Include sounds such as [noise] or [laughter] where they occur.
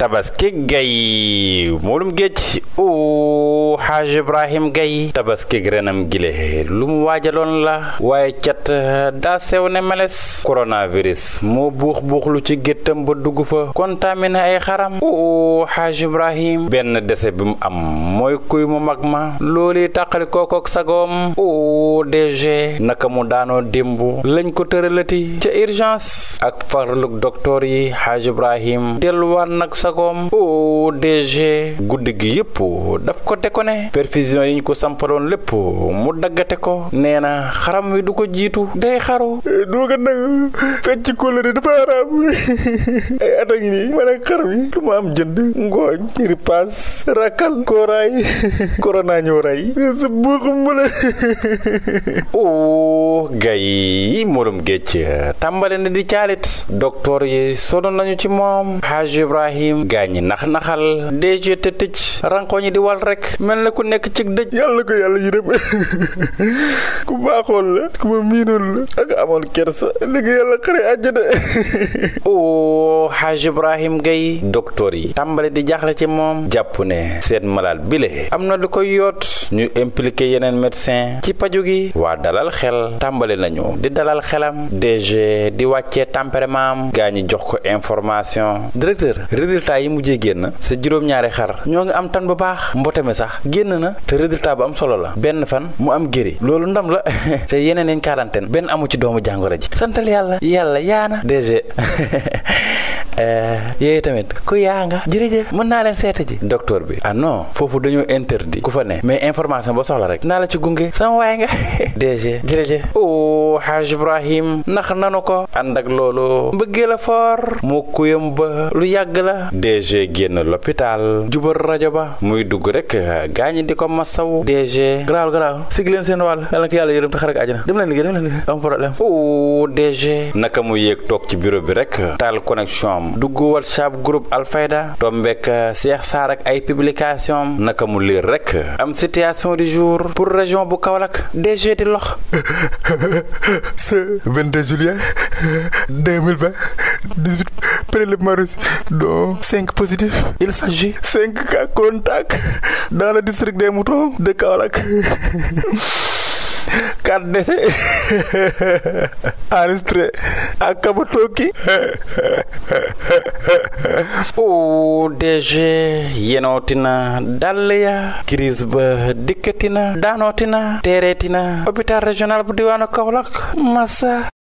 tabaski gay moolum géej o xaaj ibrahim gay tabaski renam gile lu mu waajaloon la waaye cat eh, daa sew ne meles coronavirus moo buux lu ci géttam ba dugg fa contaminé ay xaram o xaaj ibrahim benn dese bi mu am mooy kuy mu mag ma loolu tàqali kookook sagoom o DG naka mu daanoo démb lañ ko tëralati ca urgence ak farluk docteur yi xaaj ibrahim delluwaat nag sagoom ODG guddi gi yëpp daf ko déconné perfusion yi ñu ko sampaloon lépp mu daggate ko nee na xaram wi du ko jiitu day xaru eh, dooga nag fecc kóllëre dafa araam [laughs] ay at ngi nii man ak xaram lu ma am jënd ngooñ ripaas rakkal kooraay [laughs] korona ñoo rey sa buuxum la [laughs] o oh, gay morom géej tàmbale na di caalit docteur yi sonn nañu ci moom Haj Ibrahim am gaañ ñi nax naxal DG te tëj ranko ñi di wal rek mel na ku nekk ci dëj yàlla ko yàlla yërëm [laughs] ku baaxoon la ku ma miinoon la ak amoon kersa léegi yàlla xare àjjana [laughs] o Haaj Ibrahim Gaye docteur yi tàmbali di jaxle ci moom jàpp ne seen malade bile am na lu koy yoot ñu impliqué yeneen médecin ci paju gi waa dalal xel tàmbali nañu di dalal xelam DG di wàccee tempérament gaa ñi jox ko information directeur résultat yi mujjee génn sa juróom-ñaari xar ñoo ngi am tan bu baax mbote mi sax na te résultat bu am solo la benn fan mu am géri loolu ndam la [laughs] te yeneen quarantaine benn amu ci doomu jàngoro ji santal yàlla yàlla yaana DG [laughs] Eh, yooyu tamit ku yaa nga jërëjëf mën naa leen seeta ji docteur bi ah foofu dañoo interdit ku fa ne mais information ba soxla rek naa la ci gunge sama waay nga [laughs] DG jërëjëf o oh, Haaj Ibrahim nax nanu ko ànd ak loolu mbëggee la foor mu kuyam ba lu yàgg la DG génn l'hôpital jubal rajo ba muy dugg rek ah, gaañi di ko masaw DG garaaw garaaw sig leen seen wàll yàlla na ko yàlla yërëm te xarak àjjana dem leen liggéey dem leen liggéey am problème o oh, DG naka mu dugg whatsapp groupe alfaida tombek euh, Cheikh sar ak ay publication naka mu rek am situation du jour pour région bu kawlak DG di lox [laughs] ce 22 juillet 2020 18 prélèvements reçus dont 5 positifs il s'agit 5 cas contacts dans le district des moutons de kawlak 4 [laughs] décès [laughs] enregistrés akabotoki o deje yenotina dalleya kirisba dikketina danotina teretina hôpital régional bu diwano kaolak massa